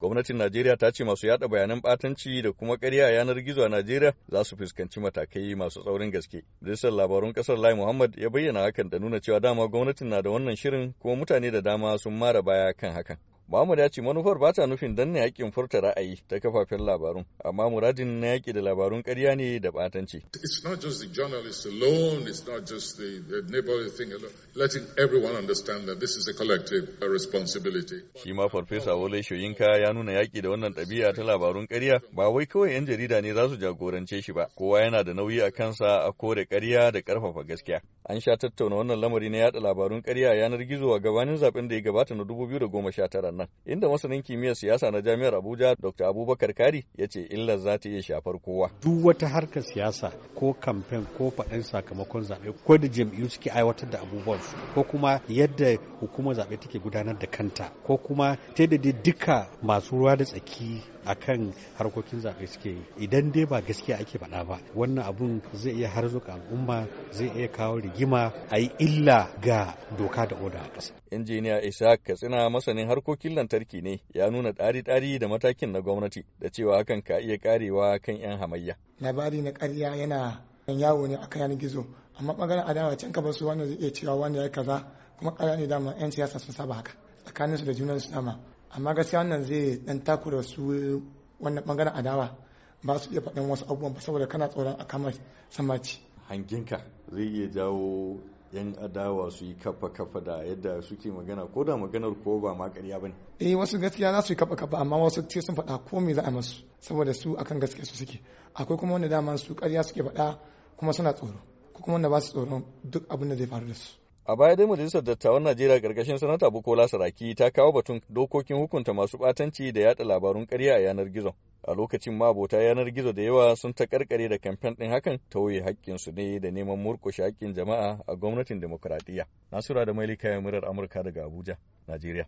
Gwamnatin Najeriya ta ce masu yada bayanan batanci da kuma karya a yanar gizo a Najeriya za su fuskanci matakai masu tsaurin gaske. Ministan labarun ƙasar Lai Muhammad ya bayyana hakan da nuna cewa dama gwamnatin na da wannan shirin kuma mutane da dama sun mara baya kan hakan. Mahmud ya ce manufar ba ta nufin danne yakin furta ra'ayi ta kafafen labarun, amma muradin na yaƙi da labarun ƙarya ne da batanci. It's not just the alone, it's not just the, the thing alone, letting a collective responsibility. Shi ma Farfesa Wole Shoyinka ya nuna yaƙi da wannan ɗabi'a ta labarun ƙarya ba wai kawai 'yan jarida ne za su jagorance shi ba, kowa yana da nauyi a kansa a kore ƙarya da ƙarfafa gaskiya. An sha tattauna wannan lamari na yaɗa labarun ƙarya yanar gizo a gabanin zaɓen da ya gabata na 2019 nan inda masanin kimiyyar siyasa na jami'ar Abuja Dr. Abubakar Kari ya ce illar za ta iya shafar kowa. Duk wata harkar siyasa ko kamfen ko faɗin sakamakon zaɓe ko da jam'iyyu suke aiwatar da abubuwan su ko kuma yadda hukumar zaɓe take gudanar da kanta ko kuma ta da duka masu ruwa da tsaki a kan harkokin zaɓe suke yi idan dai ba gaskiya ake faɗa ba wannan abun zai iya harzuka al'umma zai iya kawo rigima a yi illa ga doka da oda a ƙasa. Injiniya Isa Katsina masanin harkokin harkokin lantarki ne ya nuna ɗari-ɗari da matakin na gwamnati da cewa hakan ka iya karewa kan 'yan hamayya. Labari na karya yana yawo ne a kayan gizo amma bangaren adawa can ka su wanda zai iya cewa wanda ya kaza kuma ƙarya ne dama 'yan siyasa sun saba haka tsakaninsu da junan su dama amma gaskiya wannan zai dan takura su wannan ɓangaren adawa ba su iya faɗin wasu abubuwan ba saboda kana tsoron a kamar samaci. Hanginka zai iya jawo yan adawa su yi kafa kafa da yadda suke magana ko da maganar ko ba ma ƙarya bane eh wasu gaskiya za su yi kafa kafa amma wasu ce sun faɗa ko me za a masu saboda su akan gaskiya su suke akwai kuma wanda dama su ƙarya suke faɗa kuma suna tsoro ko kuma wanda ba su tsoron duk abin da zai faru da su A baya dai majalisar dattawan Najeriya ƙarƙashin sanata Bukola Saraki ta kawo batun dokokin hukunta masu batanci da yada labarun ƙarya a yanar gizo. a lokacin ma abota yanar gizo da yawa sun ta karkare da kamfen ɗin hakan ta tauye haƙƙinsu ne da neman murƙushe haƙƙin jama'a a gwamnatin demokuraɗiyya nasura da mailika ya murar amurka daga abuja najeriya